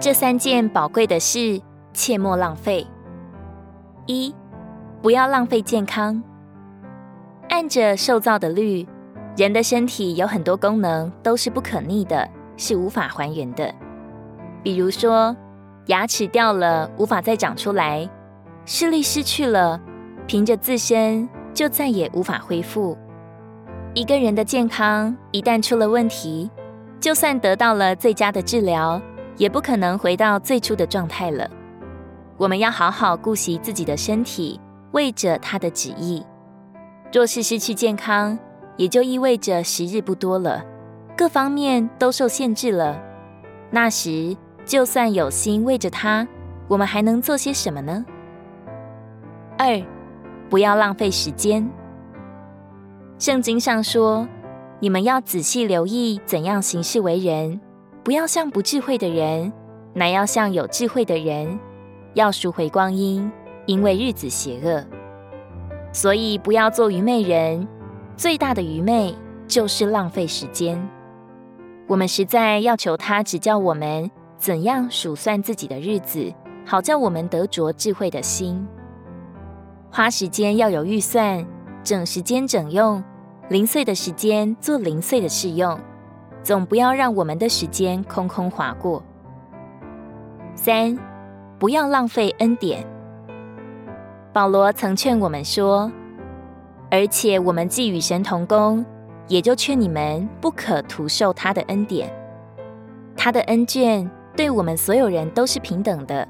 這三件寶貴的事，切莫浪費。一，不要浪費健康。按着受造的律，人的身體有很多功能都是不可逆的，是無法還原的。比如說，牙齒掉了無法再長出來，視力失去了，憑着自身就再也無法恢復。一個人的健康一旦出了問題，就算得到了最佳的治療，也不可能回到最初的狀態了。我們要好好顧惜自己的身體，為着他的旨意。若是失去健康，也就意味着時日不多了，各方面都受限制了。那時，就算有心為着他，我們還能做些什麼呢？二、不要浪費時間。聖經上說，你們要仔細留意怎樣行事為人。不要像不智慧的人，乃要像有智慧的人，要贖回光陰，因為日子邪惡。所以不要做愚昧人。最大的愚昧就是浪費時間。我們實在要求他指教我們怎樣數算自己的日子，好叫我們得着智慧的心。花時間要有預算，整時間整用，零碎的時間做零碎的使用。總不要讓我們的時間空空劃過。三，不要浪費恩典。保羅曾勸我們說，而且我們既與神同工，也就勸你們不可徒受他的恩典。他的恩眷對我們所有人都是平等的。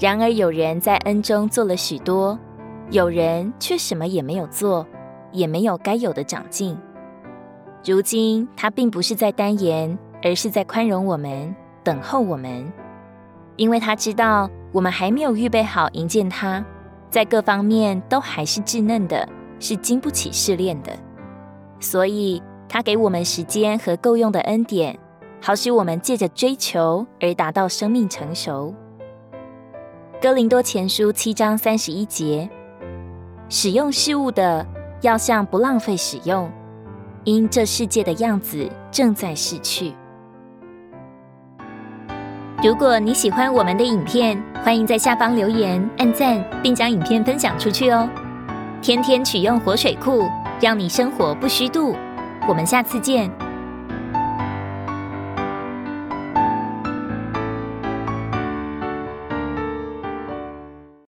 然而有人在恩中做了許多，有人卻什麼也沒有做，也沒有該有的長進。如今他並不是在耽延，而是在寬容我們、等候我們，因為他知道我們還沒有預備好迎接他，在各方面都還是稚嫩的，是經不起試煉的。所以，他給我們時間和夠用的恩典，好使我們借着追求而達到生命成熟。哥林多前書七章三十一節：使用世物的，要像不浪費使用。因這世界的樣子正在逝去。如果你喜歡我們的影片，歡迎在下方留言、按讚，並將影片分享出去哦。天天取用活水庫，讓你生活不虛度。我們下次見。